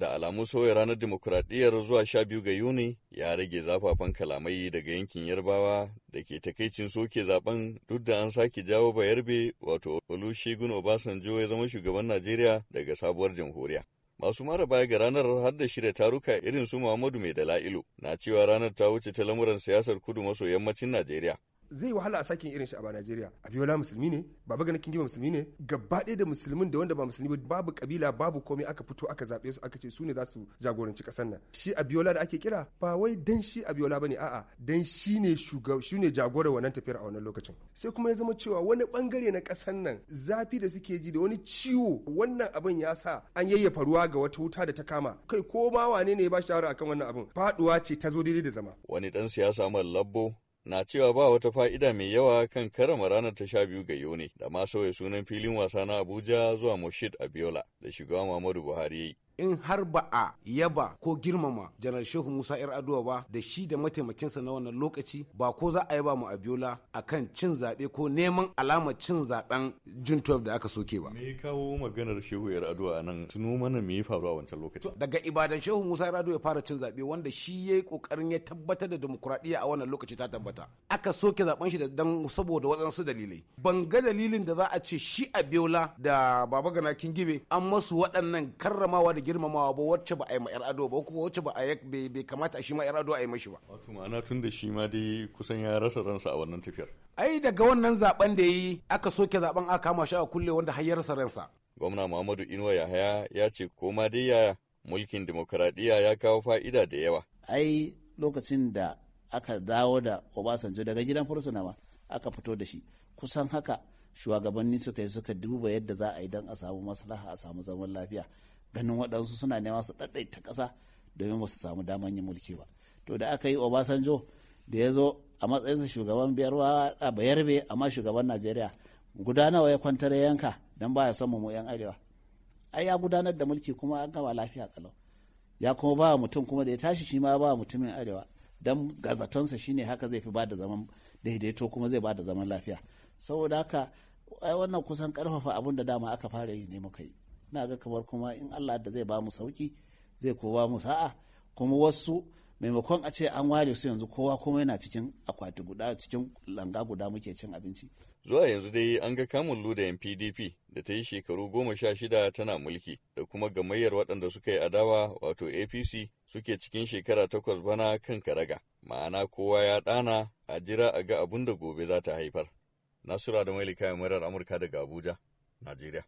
da alamu sauya ranar dimokuraɗiyyar zuwa sha biyu ga Yuni ya rage zafafan kalamai daga yankin Yarbawa da ke takaicin soke zaben duk da an sake jawo bayarbe wato Olusegun Obasanjo ya zama shugaban Najeriya daga sabuwar jamhuriya. Masu mara baya ga ranar har da shirya taruka irin su Muhammadu Mai Dala'ilu na cewa ranar ta wuce ta lamuran siyasar kudu maso yammacin Najeriya. zai wahala a sakin irin shi a Najeriya Abiola musulmi ne Baba Gana Kingiba musulmi ne gaba da musulmin da wanda ba musulmi ba babu kabila babu komai aka fito aka zabe su aka ce su ne za su jagoranci kasar nan shi Abiola da ake kira ba wai dan shi Abiola bane a'a dan shi ne shugaba shi ne jagora wannan tafiyar a wannan lokacin sai kuma ya zama cewa wani bangare na kasar nan zafi da suke ji da wani ciwo wannan abin ya sa an yayyafa ruwa ga wata wuta da ta kama kai ko ma wane ne ya ba shawara akan wannan abin faduwa ce ta zo daidai da zama wani dan siyasa mallabbo na cewa ba wata fa'ida mai yawa kan karama ranar ta sha biyu ga Yuni da ma sauya sunan filin wasa na Abuja zuwa Moshid Abiola da shugaba Muhammadu Buhari ya yi. in har ba a yaba ko girmama janar shehu musa yar aduwa ba da shi da mataimakinsa na wannan lokaci ba ko za a yaba mu a kan cin zaɓe ko neman alamar cin zaɓen jun da aka soke ba me kawo maganar shehu yar aduwa nan tuno mana me ya faru a wancan lokaci daga ibadan shehu musa yar aduwa ya fara cin zaɓe wanda shi ya yi ƙoƙarin ya tabbatar da demokuraɗiyya a wannan lokaci ta tabbata aka soke zaɓen shi da dan saboda waɗansu dalilai ban ga dalilin da za a ce shi abiola da baba gana gibe an masu waɗannan karramawa da girmamawa ba wacce ba a yi ma ado ba ko wacce ba a yi bai kamata shi ma ado a yi mashi ba wato ma'ana tun da shi ma dai kusan ya rasa ransa a wannan tafiyar ai daga wannan zaben da yi aka soke zaben aka kama shi a kulle wanda har ya rasa ransa gwamna Muhammadu Inuwa Yahaya ya ce koma dai ya mulkin dimokuraɗiyya ya kawo fa'ida da yawa ai lokacin da aka dawo da Obasanjo daga gidan fursuna ma aka fito da shi kusan haka shugabanni suka yi suka duba yadda za a yi don a samu maslaha a samu zaman lafiya ganin waɗansu suna nema su ɗaɗɗaita ƙasa domin ba su samu daman yin mulki ba to da aka yi obasanjo da ya zo a matsayin matsayinsa shugaban biyarwa a bayarbe amma shugaban najeriya gudanarwa ya kwantar yanka don ba ya son mu yan arewa ai ya gudanar da mulki kuma an gama lafiya kalau ya kuma ba mutum kuma da ya tashi shi ma ba mutumin arewa don gazatonsa shine haka zai fi ba da zaman daidaito kuma zai ba da zaman lafiya saboda haka ai wannan kusan karfafa abin da dama aka fara yi ne muka yi na ga kamar kuma in Allah da zai ba mu sauki zai ko ba mu sa'a kuma wasu maimakon a ce an ware su yanzu kowa kuma yana cikin akwati guda cikin langa guda muke cin abinci. Zuwa yanzu dai an ga kamun ludayen PDP da ta yi shekaru goma sha shida tana mulki da kuma gamayyar waɗanda suka yi adawa wato APC suke cikin shekara takwas bana kan karaga. Ma'ana kowa ya ɗana a jira a ga abun da gobe za ta haifar. Nasura da Mailika Murar Amurka daga Abuja, Najeriya.